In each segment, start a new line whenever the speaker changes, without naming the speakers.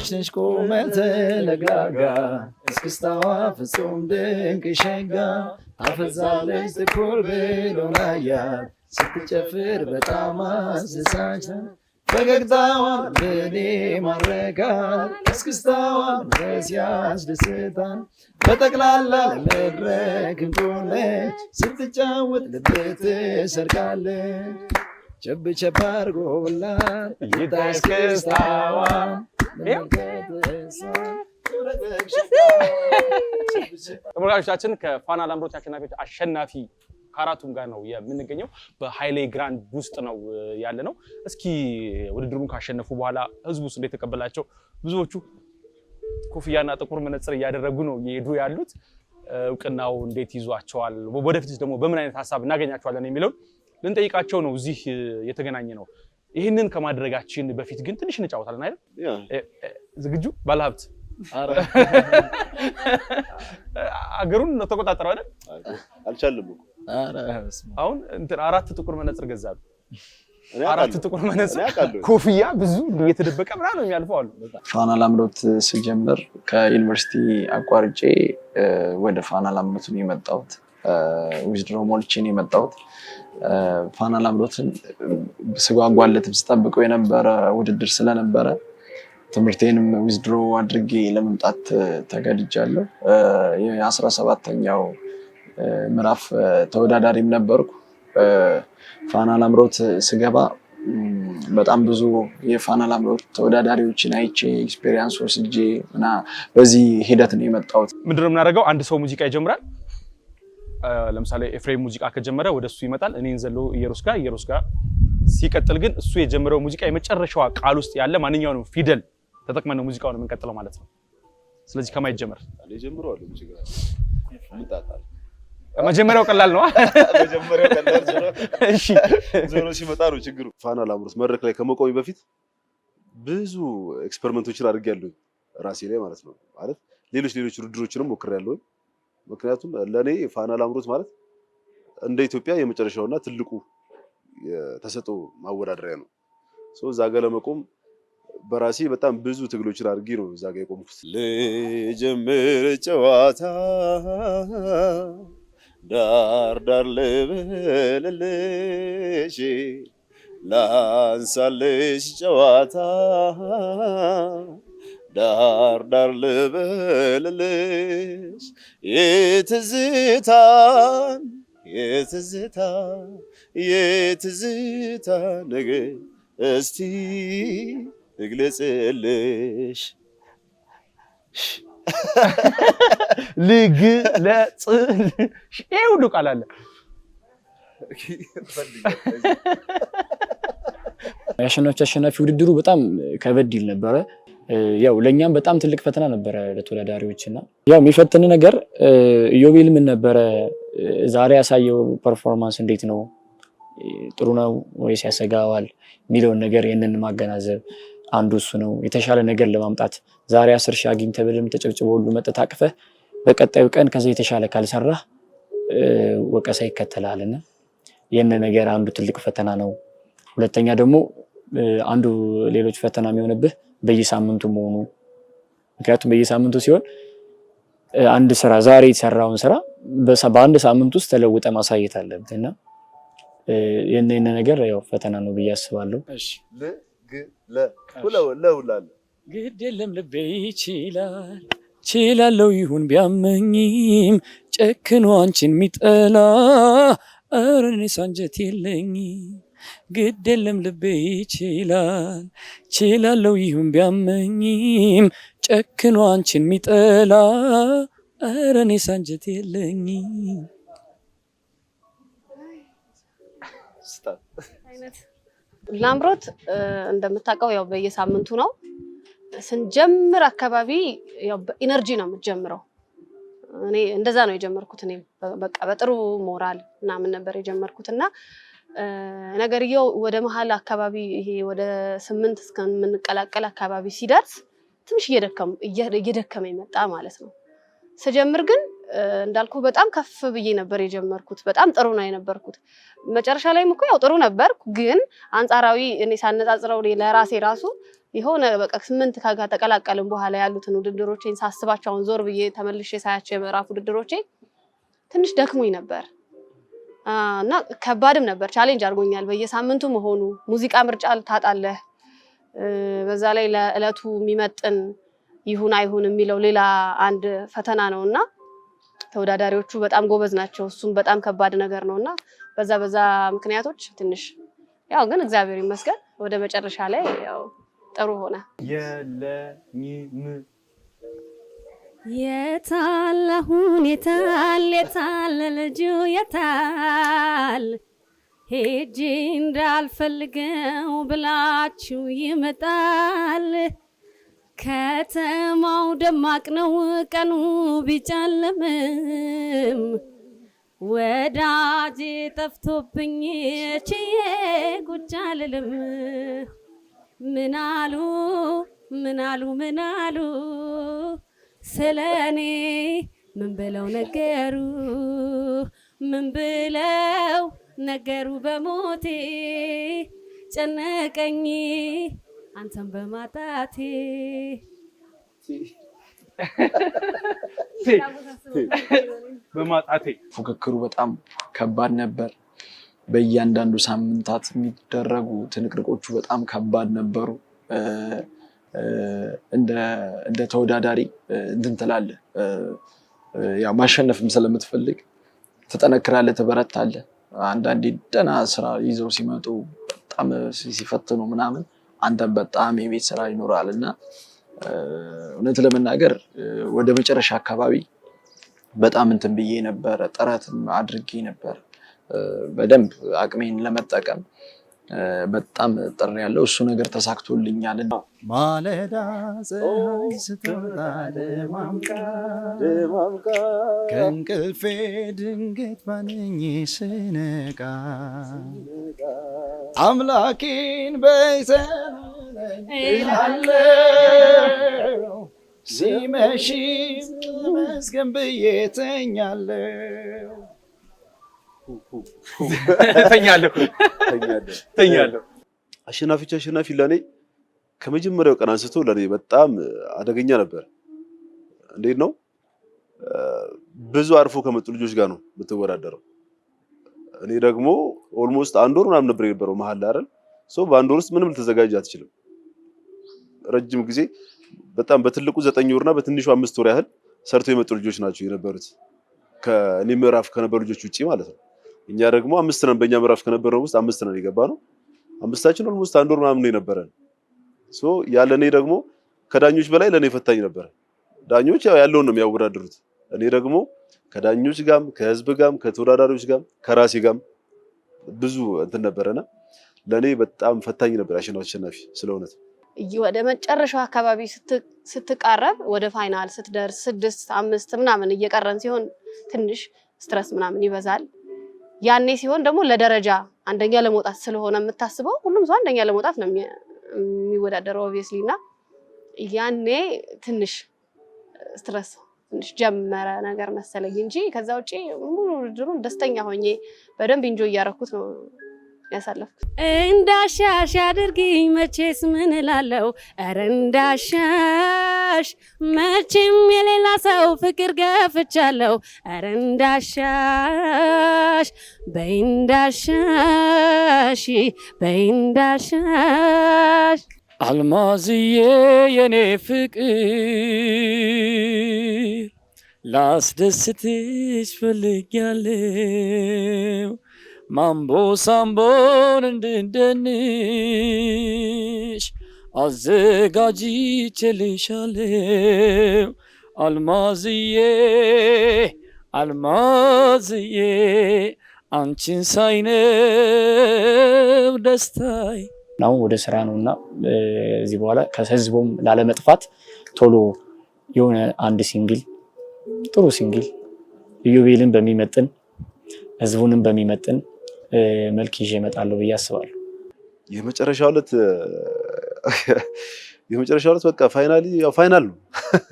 ታችነሽ ቆመ ለጋጋ እስክስታዋ ፍጹም ድንቅ ሸጋ አፈዛለች ትኩር ብሎ ላያት ስትጨፍር በጣም አስሳች ፈገግታዋ ለኔ ማረካል እስክስታዋ ድረስ ያስደስታል በጠቅላላ ለመድረክ እንቁነች ስትጫወት ልብ ትሰርቃለች ቸብ ቸብ አድርጎላት ይታይ እስክስታዋ
ተመልካቾቻችን ከፋና ላምሮት አሸናፊዎች አሸናፊ ከአራቱም ጋር ነው የምንገኘው። በሀይሌ ግራንድ ውስጥ ነው ያለ ነው። እስኪ ውድድሩን ካሸነፉ በኋላ ህዝቡስ እንዴት ተቀበላቸው? ብዙዎቹ ኮፍያና ጥቁር መነጽር እያደረጉ ነው የሄዱ ያሉት። እውቅናው እንዴት ይዟቸዋል? ወደፊት ደግሞ በምን አይነት ሀሳብ እናገኛቸዋለን የሚለውን ልንጠይቃቸው ነው እዚህ የተገናኘ ነው። ይህንን ከማድረጋችን በፊት ግን ትንሽ እንጫወታለን አይደል? ዝግጁ ባለሀብት አገሩን ተቆጣጠረው አይደል? አልቻልም። አሁን አራት ጥቁር መነፅር ገዛሉ። አራት ጥቁር መነፅር፣ ኮፍያ ብዙ እየተደበቀ ምና ነው የሚያልፈው አሉ።
ፋና ላምሮት ስጀምር ከዩኒቨርሲቲ አቋርጬ ወደ ፋና ላምሮት የመጣሁት ዊዝድሮ የመጣሁት ፋና ላምሮትን ስጓጓለትም ስጠብቀው የነበረ ውድድር ስለነበረ ትምህርቴንም ዊዝድሮ አድርጌ ለመምጣት ተገድጃለሁ። የአስራ ሰባተኛው ምዕራፍ ተወዳዳሪም ነበርኩ። ፋና ላምሮት ስገባ በጣም ብዙ የፋና ላምሮት ተወዳዳሪዎችን አይቼ ኤክስፔሪንስ ወስጄ እና በዚህ ሂደት ነው የመጣሁት።
ምንድነው የምናደርገው? አንድ ሰው ሙዚቃ ይጀምራል ለምሳሌ ኤፍሬም ሙዚቃ ከጀመረ ወደ እሱ ይመጣል። እኔን ዘሎ ኢየሩስ ጋር ኢየሩስ ጋር ሲቀጥል ግን እሱ የጀመረው ሙዚቃ የመጨረሻዋ ቃል ውስጥ ያለ ማንኛውንም ፊደል ተጠቅመን ነው ሙዚቃውን የምንቀጥለው ማለት ነው። ስለዚህ ከማን መጀመሪያው ቀላል ነው። ዞሮ ሲመጣ ነው ችግሩ።
ፋና ላምሮት መድረክ ላይ ከመቆሚ በፊት ብዙ ኤክስፐሪመንቶችን አድርጌያለሁ ራሴ ላይ ማለት ነው። ማለት ሌሎች ሌሎች ውድድሮችንም ሞክሬያለሁ። ምክንያቱም ለእኔ ፋና ላምሮት ማለት እንደ ኢትዮጵያ የመጨረሻውና ትልቁ የተሰጠ ማወዳደሪያ ነው። እዛ ጋ ለመቆም በራሴ በጣም ብዙ ትግሎችን አድርጌ ነው እዛ ጋ የቆምኩት።
ልጀምር ጨዋታ ዳር ዳር ልበልልሽ ላንሳልሽ ጨዋታ ዳር ዳር ልበልልሽ የትዝታን የትዝታ የትዝታ ነገር እስቲ ልግለጽልሽ ልግለጽልሽ
ይህ ሁሉ ቃል አለ።
የአሸናፊዎች አሸናፊ ውድድሩ በጣም ከበድ ይል ነበረ። ያው ለእኛም በጣም ትልቅ ፈተና ነበረ ለተወዳዳሪዎች እና ያው የሚፈትን ነገር ኢዮቤል ምን ነበረ? ዛሬ ያሳየው ፐርፎርማንስ እንዴት ነው? ጥሩ ነው ወይስ ያሰጋዋል የሚለውን ነገር ይህንን ማገናዘብ አንዱ እሱ ነው። የተሻለ ነገር ለማምጣት ዛሬ አስር ሺ አግኝ ተብልም ተጨብጭበ ሁሉ መጠት አቅፈ በቀጣዩ ቀን ከዚ የተሻለ ካልሰራ ወቀሳ ይከተላልና ይህን ነገር አንዱ ትልቅ ፈተና ነው። ሁለተኛ ደግሞ አንዱ ሌሎች ፈተና የሚሆንብህ በየሳምንቱ መሆኑ። ምክንያቱም በየሳምንቱ ሲሆን አንድ ስራ ዛሬ የተሰራውን ስራ በአንድ ሳምንት ውስጥ ተለውጠ ማሳየት አለብህ እና የነ ነገር ያው ፈተና ነው ብዬ አስባለሁ።
ግድ የለም ልቤ ይችላል ችላለው ይሁን ቢያመኝም ጨክኖ አንቺን የሚጠላ እረ እኔስ አንጀት የለኝም ግድ የለም ልቤ ይችላል ችላለው ይሁን ቢያመኝም ጨክኖ አንቺን የሚጠላ ኧረ እኔ ሳንጀት የለኝ።
ላምሮት እንደምታውቀው ያው በየሳምንቱ ነው። ስንጀምር አካባቢ ያው በኢነርጂ ነው የምትጀምረው። እኔ እንደዛ ነው የጀመርኩት። እኔ በቃ በጥሩ ሞራል ምናምን ነበር የጀመርኩት እና ነገርየው ወደ መሀል አካባቢ ይሄ ወደ ስምንት እስከምንቀላቀል አካባቢ ሲደርስ ትንሽ እየደከመ ይመጣ ማለት ነው። ስጀምር ግን እንዳልኩ በጣም ከፍ ብዬ ነበር የጀመርኩት። በጣም ጥሩ ነው የነበርኩት። መጨረሻ ላይም እኮ ያው ጥሩ ነበርኩ፣ ግን አንጻራዊ እኔ ሳነጻጽረው ለራሴ ራሱ የሆነ በቃ ስምንት ከጋ ተቀላቀልን በኋላ ያሉትን ውድድሮቼን ሳስባቸውን ዞር ብዬ ተመልሼ ሳያቸው የምዕራፍ ውድድሮቼ ትንሽ ደክሞኝ ነበር። እና ከባድም ነበር። ቻሌንጅ አድርጎኛል። በየሳምንቱ መሆኑ ሙዚቃ ምርጫ ታጣለህ። በዛ ላይ ለእለቱ የሚመጥን ይሁን አይሁን የሚለው ሌላ አንድ ፈተና ነው እና ተወዳዳሪዎቹ በጣም ጎበዝ ናቸው። እሱም በጣም ከባድ ነገር ነው እና በዛ በዛ ምክንያቶች ትንሽ ያው ግን እግዚአብሔር ይመስገን ወደ መጨረሻ ላይ ያው ጥሩ ሆነ።
የለኝም የታል አሁን የታል የታል ልጁ የታል ሄጄ እንዳልፈልገው ብላችሁ ይመጣል። ከተማው ደማቅ ነው ቀኑ ቢጨልምም ወዳጄ ጠፍቶብኝ ችዬ ጉድ አልልም። ምናሉ ምናሉ ምናሉ ስለኔ ምን ብለው ነገሩ? ምን ብለው ነገሩ? በሞቴ ጨነቀኝ አንተን በማጣቴ
በማጣቴ
ፉክክሩ በጣም ከባድ ነበር። በእያንዳንዱ ሳምንታት የሚደረጉ ትንቅርቆቹ በጣም ከባድ ነበሩ። እንደ ተወዳዳሪ እንትን ትላለህ። ማሸነፍም ስለምትፈልግ ትጠነክራለህ፣ ትበረታለህ። አንዳንዴ ደህና ስራ ይዘው ሲመጡ በጣም ሲፈትኑ ምናምን አንተም በጣም የቤት ስራ ይኖራል እና እውነት ለመናገር ወደ መጨረሻ አካባቢ በጣም እንትን ብዬ ነበረ፣ ጥረትም አድርጌ ነበር በደንብ አቅሜን ለመጠቀም በጣም ጥሪ ያለው እሱ ነገር ተሳክቶልኛል።
ማለዳ ፀሐይ ስትወጣ ደማምቃ ከእንቅልፌ ድንገት ባነኝ ስነቃ አምላኬን በይሰለኛለው ሲመሽ መስገን ብዬ ተኛለው
ተኛለሁ ተኛለሁ።
አሸናፊዎች አሸናፊ ለእኔ ከመጀመሪያው ቀን አንስቶ ለእኔ በጣም አደገኛ ነበር። እንዴት ነው ብዙ አርፎ ከመጡ ልጆች ጋር ነው የምትወዳደረው። እኔ ደግሞ ኦልሞስት አንድ ወር ምናምን ነበር የነበረው መሀል አይደል ሰው በአንድ ወር ውስጥ ምንም ልተዘጋጅ አትችልም። ረጅም ጊዜ በጣም በትልቁ ዘጠኝ ወርና በትንሹ አምስት ወር ያህል ሰርቶ የመጡ ልጆች ናቸው የነበሩት ከእኔ ምዕራፍ ከነበሩ ልጆች ውጭ ማለት ነው። እኛ ደግሞ አምስት ነን። በእኛ ምዕራፍ ከነበረው ውስጥ አምስት ነን የገባ ነው። አምስታችን ኦልሞስት አንድ ወር ምናምን ነው የነበረን። ሶ ያለ እኔ ደግሞ ከዳኞች በላይ ለእኔ ፈታኝ ነበረ። ዳኞች ያው ያለውን ነው የሚያወዳድሩት። እኔ ደግሞ ከዳኞች ጋም ከህዝብ ጋም ከተወዳዳሪዎች ጋም ከራሴ ጋም ብዙ እንትን ነበረና ለእኔ በጣም ፈታኝ ነበር። አሸናፊ አሸናፊ ስለ እውነት
ወደ መጨረሻው አካባቢ ስትቃረብ ወደ ፋይናል ስትደርስ ስድስት አምስት ምናምን እየቀረን ሲሆን ትንሽ ስትረስ ምናምን ይበዛል። ያኔ ሲሆን ደግሞ ለደረጃ አንደኛ ለመውጣት ስለሆነ የምታስበው ሁሉም ሰው አንደኛ ለመውጣት ነው የሚወዳደረው ኦብቪየስሊ። እና ያኔ ትንሽ ስትረስ ትንሽ ጀመረ ነገር መሰለኝ እንጂ ከዛ ውጭ ሙሉ ውድድሩን ደስተኛ ሆኜ በደንብ እንጆ እያረኩት ነው
ያሳለፍኩት። እንዳሻሽ አድርጊኝ መቼስ ምን እላለው፣ ኧረ እንዳሻሽ መቼም የሌላ ሰው ፍቅር ገፍቻለው፣ ኧረ እንዳሻሽ በይ እንዳሻሽ በይ እንዳሻሽ አልማዝዬ የኔ ፍቅር ላስደስትሽ ፈልጊያለው ማምቦ ሳምቦን እንድንደንሽ አዘጋጅቼልሻለሁ አልማዝዬ አልማዝዬ አንቺን ሳይነብ ደስታይ
አሁን ወደ ስራ ነው እና እዚህ በኋላ ከህዝቡም ላለመጥፋት ቶሎ የሆነ አንድ ሲንግል ጥሩ ሲንግል ኢዮቤልን በሚመጥን ህዝቡንም በሚመጥን መልክ ይዤ እመጣለሁ ብዬ አስባለሁ።
የመጨረሻ ዕለት ዕለት በቃ ፋይናሊ ፋይናል ነው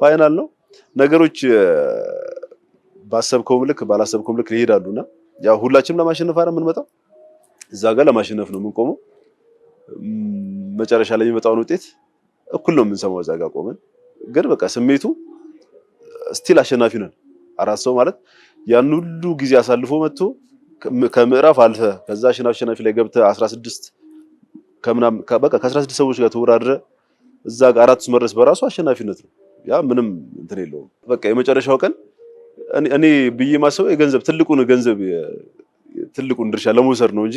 ፋይናል ነው። ነገሮች ባሰብከውም ልክ ባላሰብከውም ልክ ይሄዳሉ እና ያው ሁላችንም ለማሸነፍ አረ የምንመጣው እዛ ጋር ለማሸነፍ ነው የምንቆመው። መጨረሻ ላይ የሚመጣውን ውጤት እኩል ነው የምንሰማው። እዛ ጋር ቆመን ግን በቃ ስሜቱ ስቲል አሸናፊ ነን። አራት ሰው ማለት ያን ሁሉ ጊዜ አሳልፎ መጥቶ ከምዕራፍ አልፈ ከዛ አሸናፊ አሸናፊ ላይ ገብተ 16 ከምናም በቃ ከ16 ሰዎች ጋር ተወዳድረ እዛ ጋር አራት ውስጥ መድረስ በራሱ አሸናፊነት ነው። ያ ምንም እንትን የለውም። በቃ የመጨረሻው ቀን እኔ ብዬ ማሰበው የገንዘብ ትልቁን ገንዘብ ትልቁን ድርሻ ለመውሰድ ነው እንጂ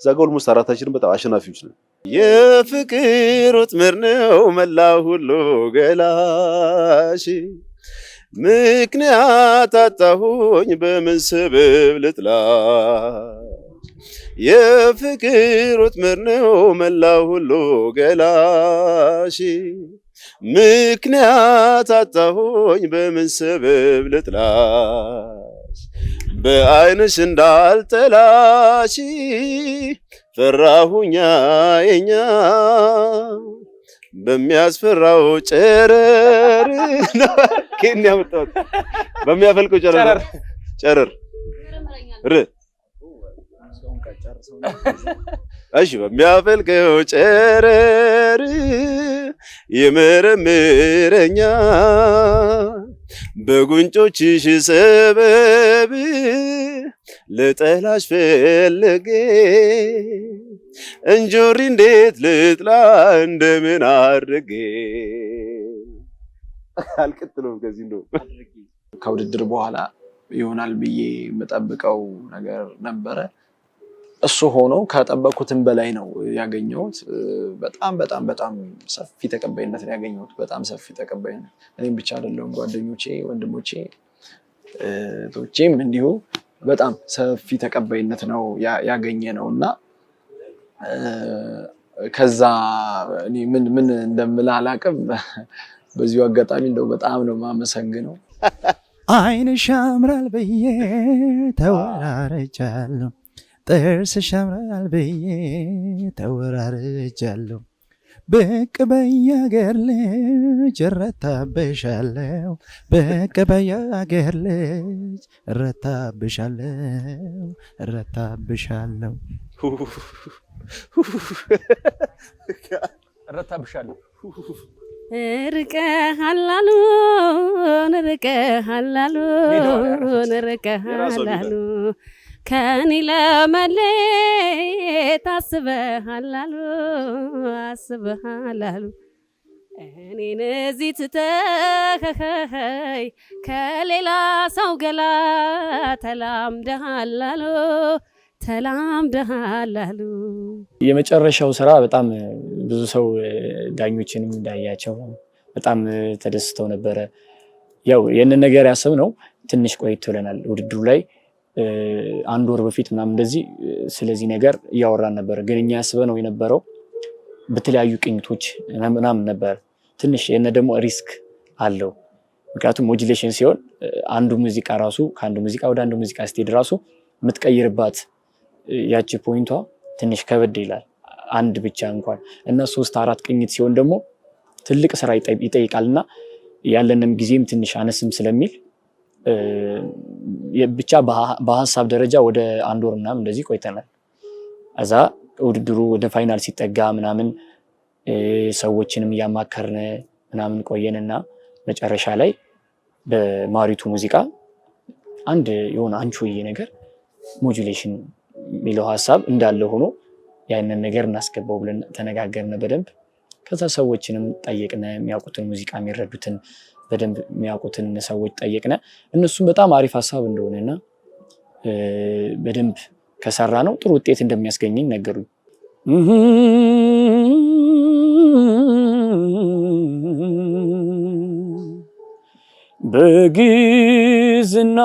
እዛ ጋር ኦልሞስት አራታችንን በጣም አሸናፊዎች ነን።
የፍቅር ወጥመድ ነው መላ ሁሉ ገላሽ ምክንያት አጣሁኝ በምን ስብብ ልጥላ የፍቅር ወጥመድ ነው መላ ሁሉ ገላሽ ምክንያት አጣሁኝ በምን ስብብ ልጥላሽ በአይንሽ እንዳልጠላሽ ፈራሁኛ የኛ በሚያስፈራው ጨረር
ከኛ ያመጣው በሚያፈልቀው ጨረር ጨረር ር
እሺ በሚያፈልቀው ጨረር ይመረምረኛ በጉንጮችሽ ሰበብ ልጠላሽ ፈለጌ እንጆሪ እንዴት ልጥላ እንደምን አድርጌ
አልቀጥለውም። ከዚህ እንደው
ከውድድር በኋላ ይሆናል ብዬ የምጠብቀው ነገር ነበረ። እሱ ሆኖ ከጠበኩትም በላይ ነው ያገኘሁት። በጣም በጣም በጣም ሰፊ ተቀባይነት ነው ያገኘሁት። በጣም ሰፊ ተቀባይነት እኔም ብቻ አይደለሁም፣ ጓደኞቼ፣ ወንድሞቼ፣ እህቶቼም እንዲሁ በጣም ሰፊ ተቀባይነት ነው ያገኘ ነው እና ከዛ ምን ምን እንደምልህ አላቅም በዚሁ አጋጣሚ እንደው በጣም ነው የማመሰግነው።
ዓይንሽ ያምራል ብዬ ተወራረጃለሁ፣ ጥርስሽ ያምራል ብዬ ተወራረጃለሁ ብቅ በይ ልጅ እረታብሻለሁ፣ ብቅ በይ ልጅ እረታብሻለሁ፣ እረታብሻለሁ፣
እረታብሻለሁ
ርቀሃላሉን ርቀሃላሉን ርቀሃላሉ ከኔ ለመለየት አስበሃል አሉ አስበሃል አሉ እኔን እዚህ ትተኸኝ ከሌላ ሰው ገላ ተላምደሃል አሉ ተላምደሃል አሉ።
የመጨረሻው ስራ በጣም ብዙ ሰው ዳኞችንም እንዳያቸው በጣም ተደስተው ነበረ። ያው ይህንን ነገር ነው ትንሽ ቆይት ብለናል ውድድሩ ላይ አንድ ወር በፊት ምናምን እንደዚህ ስለዚህ ነገር እያወራን ነበር። ግን እኛ ያስበ ነው የነበረው በተለያዩ ቅኝቶች ምናምን ነበር። ትንሽ የነ ደግሞ ሪስክ አለው። ምክንያቱም ሞጁሌሽን ሲሆን አንዱ ሙዚቃ ራሱ ከአንዱ ሙዚቃ ወደ አንዱ ሙዚቃ ስትሄድ ራሱ የምትቀይርባት ያቺ ፖይንቷ ትንሽ ከበድ ይላል። አንድ ብቻ እንኳን እና ሶስት አራት ቅኝት ሲሆን ደግሞ ትልቅ ስራ ይጠይቃል እና ያለንም ጊዜም ትንሽ አነስም ስለሚል ብቻ በሀሳብ ደረጃ ወደ አንድ ወር ምናምን እንደዚህ ቆይተናል። እዛ ውድድሩ ወደ ፋይናል ሲጠጋ ምናምን ሰዎችንም እያማከርን ምናምን ቆየን እና መጨረሻ ላይ በማሪቱ ሙዚቃ አንድ የሆነ አንቺሆዬ ነገር ሞጁሌሽን የሚለው ሀሳብ እንዳለ ሆኖ ያንን ነገር እናስገባው ብለን ተነጋገርን በደንብ። ከዛ ሰዎችንም ጠየቅን፣ የሚያውቁትን ሙዚቃ የሚረዱትን በደንብ የሚያውቁትን ሰዎች ጠየቅነ። እነሱም በጣም አሪፍ ሀሳብ እንደሆነና በደንብ ከሰራ ነው ጥሩ ውጤት እንደሚያስገኝኝ ነገሩኝ።
በግዝና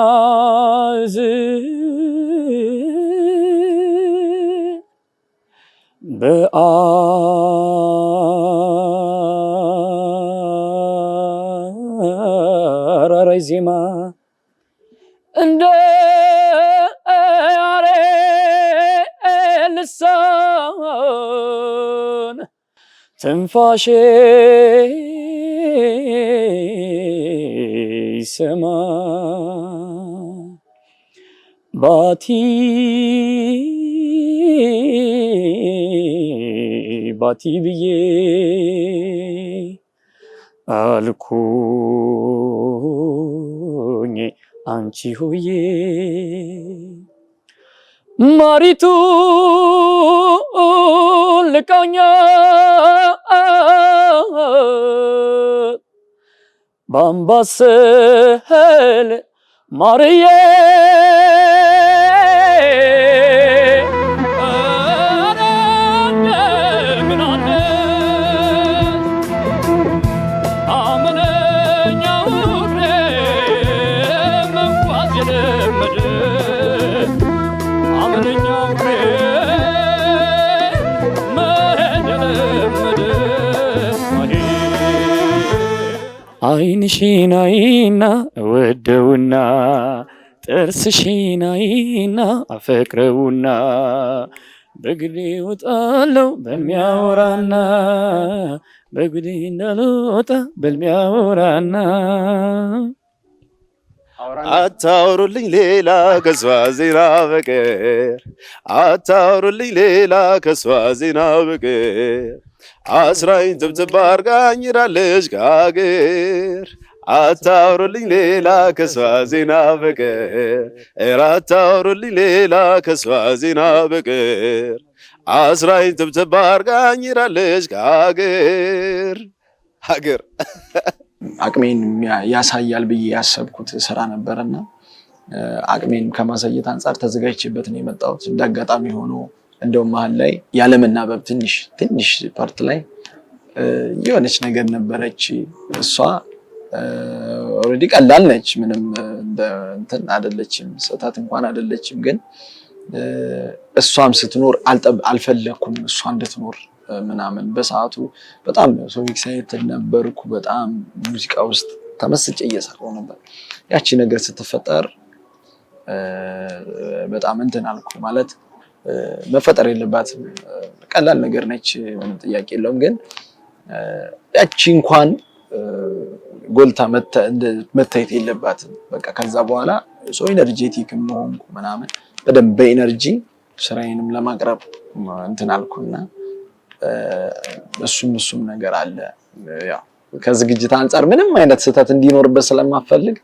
በአ ዜማ እንደ ያሬድ ልሳን ትንፋሼ ይሰማ ባቲ ባቲ ብዬ alcuni anciuie. Maritu le cagna bambasele Maria አይንሽን አይና እወደውና ጥርስሽን አይና አፈቅረውና በግዴ እወጣለሁ በሚያወራና በግዴ እንዳልወጣ በሚያወራና አታውሩልኝ ሌላ ከሷ ዜና በቀር አታውሩልኝ ሌላ ከሷ ዜና በቀር አስራኝ ጥብጥብ አርጋኝ ራለች ከአገር አታውሩልኝ ሌላ ከሷ ዜና በቀር ኧረ አታውሩልኝ ሌላ ከሷ ዜና በቀር አስራኝ ጥብጥብ አርጋኝ ራለች ከአገር ሀገር
አቅሜን ያሳያል ብዬ ያሰብኩት ስራ ነበረና አቅሜን ከማሳየት አንጻር ተዘጋጅቼበት ነው የመጣሁት። እንደ አጋጣሚ ሆኖ እንደውም መሀል ላይ ያለመናበብ ትንሽ ትንሽ ፓርት ላይ የሆነች ነገር ነበረች። እሷ ኦልሬዲ ቀላል ነች፣ ምንም እንትን አደለችም፣ ስህተት እንኳን አደለችም። ግን እሷም ስትኖር አልፈለግኩም እሷ እንድትኖር ምናምን። በሰዓቱ በጣም ሰው ኤክሳይትድ ነበርኩ። በጣም ሙዚቃ ውስጥ ተመስጬ እየሰራሁ ነበር። ያቺ ነገር ስትፈጠር በጣም እንትን አልኩ ማለት መፈጠር የለባትም። ቀላል ነገር ነች፣ ምንም ጥያቄ የለውም። ግን ያቺ እንኳን ጎልታ መታየት የለባትም። በቃ ከዛ በኋላ ሰው ኢነርጄቲክ መሆን ምናምን በደንብ በኤነርጂ ስራዬንም ለማቅረብ እንትን አልኩና እሱም እሱም ነገር አለ። ከዝግጅት አንጻር ምንም አይነት ስህተት እንዲኖርበት ስለማፈልግ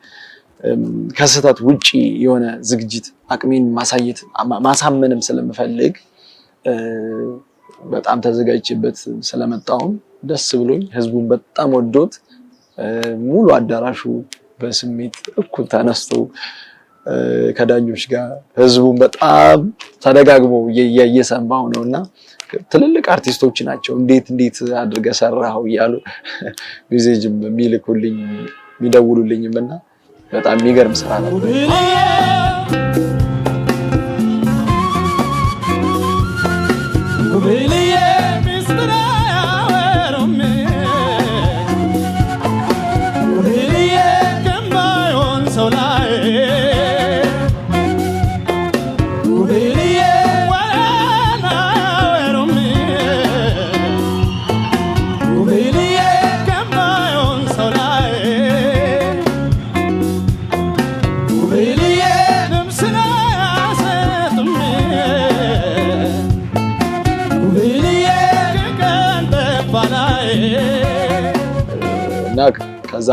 ከስህተት ውጪ የሆነ ዝግጅት አቅሜን ማሳየት ማሳመንም ስለምፈልግ በጣም ተዘጋጅችበት ስለመጣውም ደስ ብሎኝ ህዝቡን በጣም ወዶት ሙሉ አዳራሹ በስሜት እኩል ተነስቶ ከዳኞች ጋር ህዝቡን በጣም ተደጋግሞ እየሰማው ነው እና ትልልቅ አርቲስቶች ናቸው። እንዴት እንዴት አድርገ ሰራው እያሉ ሜሴጅም የሚልኩልኝ የሚደውሉልኝም እና በጣም የሚገርም ስራ ነበር።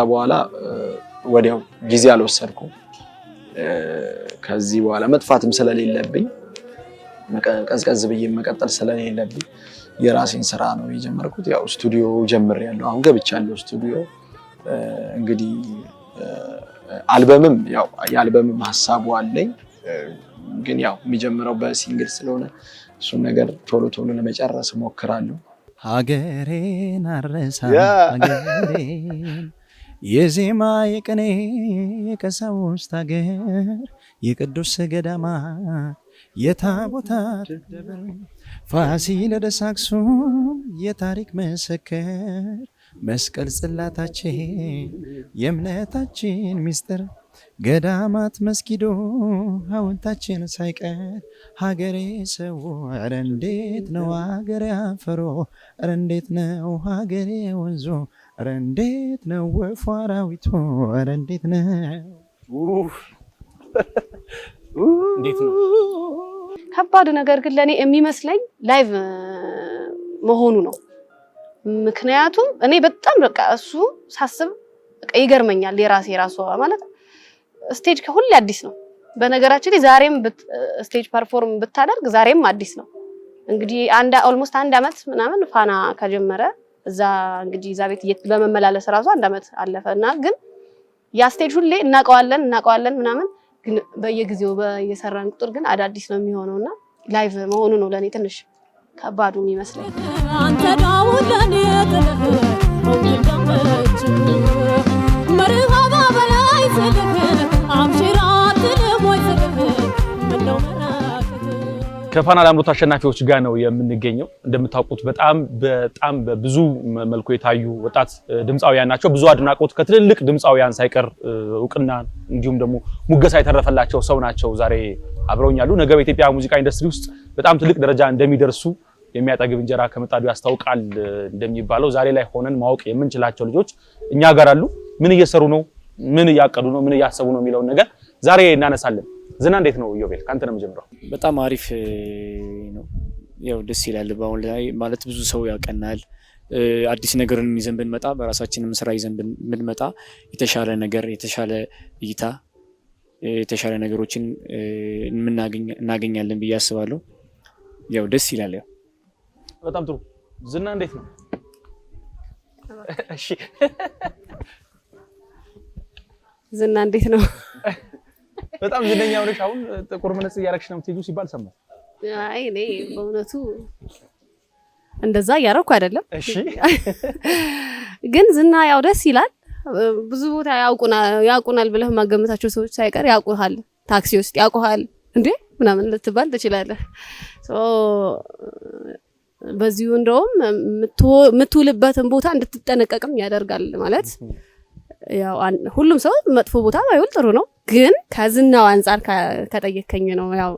በኋላ ወዲያው ጊዜ አልወሰድኩ ከዚህ በኋላ መጥፋትም ስለሌለብኝ ቀዝቀዝ ብዬ መቀጠል ስለሌለብኝ የራሴን ስራ ነው የጀመርኩት። ያው ስቱዲዮ ጀምሬያለሁ። አሁን ገብቻለሁ ስቱዲዮ። እንግዲህ አልበምም ያው የአልበምም ሀሳቡ አለኝ፣ ግን ያው የሚጀምረው በሲንግል ስለሆነ እሱን ነገር ቶሎ ቶሎ ለመጨረስ እሞክራለሁ።
ሀገሬን አረሳ ሀገሬን የዜማ የቅኔ የቀሳውስት አገር የቅዱስ ገዳማ የታቦታት ደብር ፋሲለደስ አክሱም የታሪክ መሰከር መስቀል ጽላታችን የእምነታችን ሚስጥር ገዳማት መስጊዶ ሐውልታችን ሳይቀር ሀገሬ ሰው ኧረ እንዴት ነው ሀገሬ አፈሮ ኧረ እንዴት ነው ሀገሬ ወንዞ ኧረ እንዴት ነው ወፏ አራዊቱ? ኧረ እንዴት
እንዴት ነው? ከባዱ ነገር ግን ለእኔ የሚመስለኝ ላይቭ መሆኑ ነው። ምክንያቱም እኔ በጣም በቃ እሱ ሳስብ ይገርመኛል። የራሴ የራሱ ማለት ስቴጅ ከሁሌ አዲስ ነው። በነገራችን ላይ ዛሬም ስቴጅ ፐርፎርም ብታደርግ ዛሬም አዲስ ነው። እንግዲህ አንድ ኦልሞስት አንድ አመት ምናምን ፋና ከጀመረ እዛ እንግዲህ እዛ ቤት በመመላለስ ራሱ አንድ ዓመት አለፈ እና ግን ያ ስቴጅ ሁሌ እናውቀዋለን እናቀዋለን ምናምን ግን በየጊዜው በየሰራን ቁጥር ግን አዳዲስ ነው የሚሆነው እና ላይቭ መሆኑ ነው ለእኔ ትንሽ ከባዱ የሚመስለኝ።
ከፋና ላምሮት አሸናፊዎች ጋር ነው የምንገኘው። እንደምታውቁት በጣም በጣም በብዙ መልኩ የታዩ ወጣት ድምፃውያን ናቸው። ብዙ አድናቆት ከትልልቅ ድምፃውያን ሳይቀር እውቅና እንዲሁም ደግሞ ሙገሳ የተረፈላቸው ሰው ናቸው። ዛሬ አብረውኛሉ። ነገ በኢትዮጵያ ሙዚቃ ኢንዱስትሪ ውስጥ በጣም ትልቅ ደረጃ እንደሚደርሱ የሚያጠግብ እንጀራ ከምጣዱ ያስታውቃል እንደሚባለው ዛሬ ላይ ሆነን ማወቅ የምንችላቸው ልጆች እኛ ጋር አሉ። ምን እየሰሩ ነው፣ ምን እያቀዱ ነው፣ ምን እያሰቡ ነው የሚለውን ነገር ዛሬ እናነሳለን። ዝና እንዴት ነው ዮቤል? ከአንተ ነው የምጀምረው።
በጣም አሪፍ ነው። ያው ደስ ይላል። በአሁን ላይ ማለት ብዙ ሰው ያቀናል። አዲስ ነገርን ይዘን ብንመጣ በራሳችንም ስራ ይዘን ብንመጣ የተሻለ ነገር፣ የተሻለ እይታ፣ የተሻለ ነገሮችን እናገኛለን ብዬ አስባለሁ። ያው ደስ ይላል። ያው
በጣም ጥሩ። ዝና እንዴት ነው?
ዝና እንዴት ነው?
በጣም ዝነኛ ሆነሽ አሁን ጥቁር መነጽ እያደረግሽ ነው የምትሄጂው ሲባል ሰማሁ።
አይ እኔ በእውነቱ እንደዛ እያደረኩ አይደለም። እሺ፣ ግን ዝና ያው ደስ ይላል። ብዙ ቦታ ያውቁናል ብለህ ማገመታቸው ሰዎች ሳይቀር ያውቁሃል። ታክሲ ውስጥ ያውቁሃል እንዴ ምናምን ልትባል ትችላለህ። በዚሁ እንደውም የምትውልበትን ቦታ እንድትጠነቀቅም ያደርጋል ማለት ያው ሁሉም ሰው መጥፎ ቦታ ባይውል ጥሩ ነው፣ ግን ከዝናው አንጻር ከጠየከኝ ነው ያው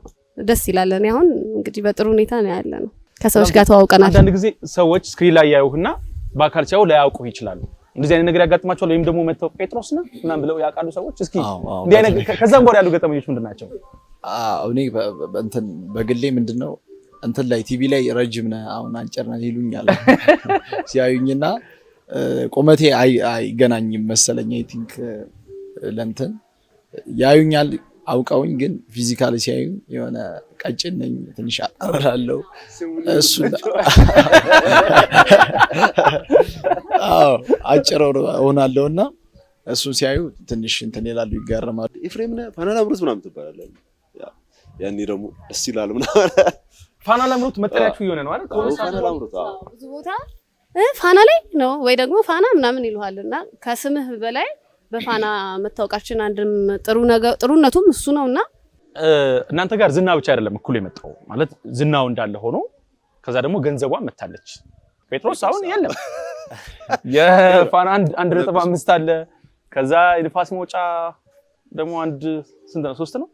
ደስ ይላል። እኔ አሁን እንግዲህ በጥሩ ሁኔታ ነው ያለ ነው። ከሰዎች ጋር ተዋውቀናል።
አንዳንድ ጊዜ ሰዎች ስክሪን ላይ ያዩህና በአካል ሲያዩ ላያውቁ ይችላሉ። እንደዚህ አይነት ነገር ያጋጥማቸዋል። ወይም ደግሞ መጥተው ጴጥሮስ ነ ምናምን ብለው ያውቃሉ ሰዎች። እስኪ ከዛም በኋላ ያሉ ገጠመኞች ምንድን ናቸው?
እኔ በግሌ ምንድን ነው እንትን ላይ ቲቪ ላይ ረጅም ነህ አሁን አንጨር ነህ ይሉኛል ሲያዩኝና ቁመቴ አይገናኝም መሰለኝ። አይ ቲንክ ለእንትን ያዩኛል አውቀውኝ፣ ግን ፊዚካል ሲያዩ የሆነ ቀጭን ነኝ ትንሽ አጠራለው እሱ አጭር ሆናለው እና እሱ ሲያዩ ትንሽ እንትን ይላሉ፣ ይገርማሉ።
ኤፍሬም ነህ ፋና ላምሮት ምናምን ትባላለህ። ያኔ ደግሞ ደስ ይላል ምናምን
ፋና ላምሮት መጠሪያችሁ የሆነ ነው አይደል? ፋና ላምሮት
ብዙ ቦታ ፋና ላይ ነው ወይ ደግሞ ፋና ምናምን ይልሃል እና ከስምህ በላይ በፋና መታወቃችን አንድም ጥሩነቱም እሱ ነው እና
እናንተ ጋር ዝና ብቻ አይደለም እኩል የመጣው ማለት ዝናው እንዳለ ሆኖ ከዛ ደግሞ ገንዘቧ መታለች። ጴጥሮስ አሁን የለም የፋና አንድ ነጥብ አምስት አለ። ከዛ የንፋስ መውጫ ደግሞ አንድ ስንት ነው? ሶስት ነው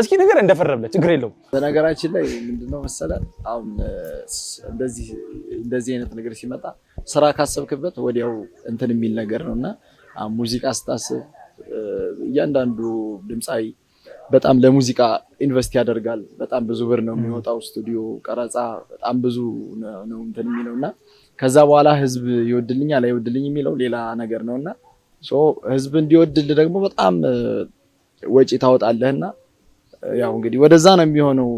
እስኪ ነገር እንደፈረብለ ችግር የለውም።
በነገራችን ላይ ምንድነው መሰለህ አሁን እንደዚህ እንደዚህ አይነት ነገር ሲመጣ ስራ ካሰብክበት ወዲያው እንትን የሚል ነገር ነው እና ሙዚቃ ስታስብ እያንዳንዱ ድምፃዊ በጣም ለሙዚቃ ኢንቨስት ያደርጋል። በጣም ብዙ ብር ነው የሚወጣው ስቱዲዮ፣ ቀረፃ፣ በጣም ብዙ ነው እንትን የሚለው እና ከዛ በኋላ ህዝብ ይወድልኛል አይወድልኝ የሚለው ሌላ ነገር ነው እና ህዝብ እንዲወድል ደግሞ በጣም ወጪ ታወጣለህና ያው እንግዲህ ወደዛ ነው የሚሆነው።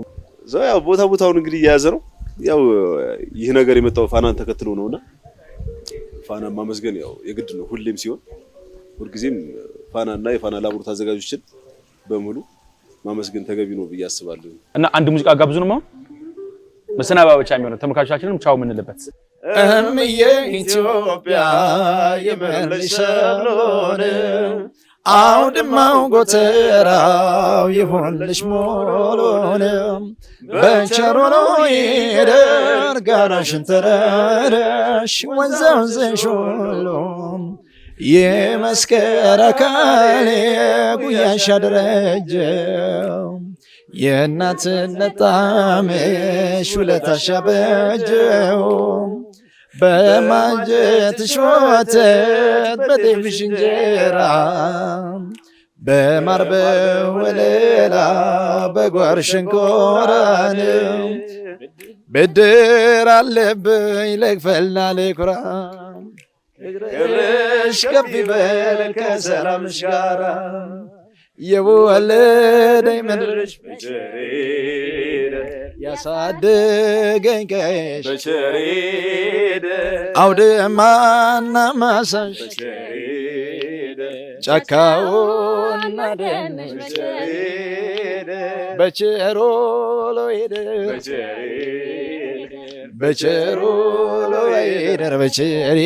ያው ቦታ ቦታውን እንግዲህ እየያዘ ነው። ያው ይህ ነገር የመጣው ፋናን ተከትሎ ነውና ፋና ማመስገን ያው የግድ ነው። ሁሌም ሲሆን ሁልጊዜም እና የፋና ላቦራቶሪ አዘጋጆችን በሙሉ ማመስገን ተገቢ ነው ብዬ አስባለሁ።
እና አንድ ሙዚቃ ማለት አሁን ብቻ የሚሆነው ተመልካቾቻችንም ቻው የምንልበት
እምዬ ኢትዮጵያ ነው። አውድማው ጎተራው ይሆንልሽ ሞሎን በቸሮሎ ይደር ጋራሽን ተረረሽ ወንዛውን ዘንሾሎ የመስከረ ካሌ ጉያሽ አደረጀው የእናትነት ጣምሽ ውለታሻ በጀው በማንጀት ወተት በጥፍሽ እንጀራ በማር በወለላ በጓሮሽ እንኮራን ብድር አለብኝ ልክፈልና ልኩራ እግርሽ ከፍ ይበል ከሰላምሽ ጋራ የወለደኝ ምድርሽ ያሳድገኝ ቀሽ አውድማና ማሳሽ ጫካውና ደንሽ በቸሮ ሎሄደ በቸሮ ሎሄደ በቸሬ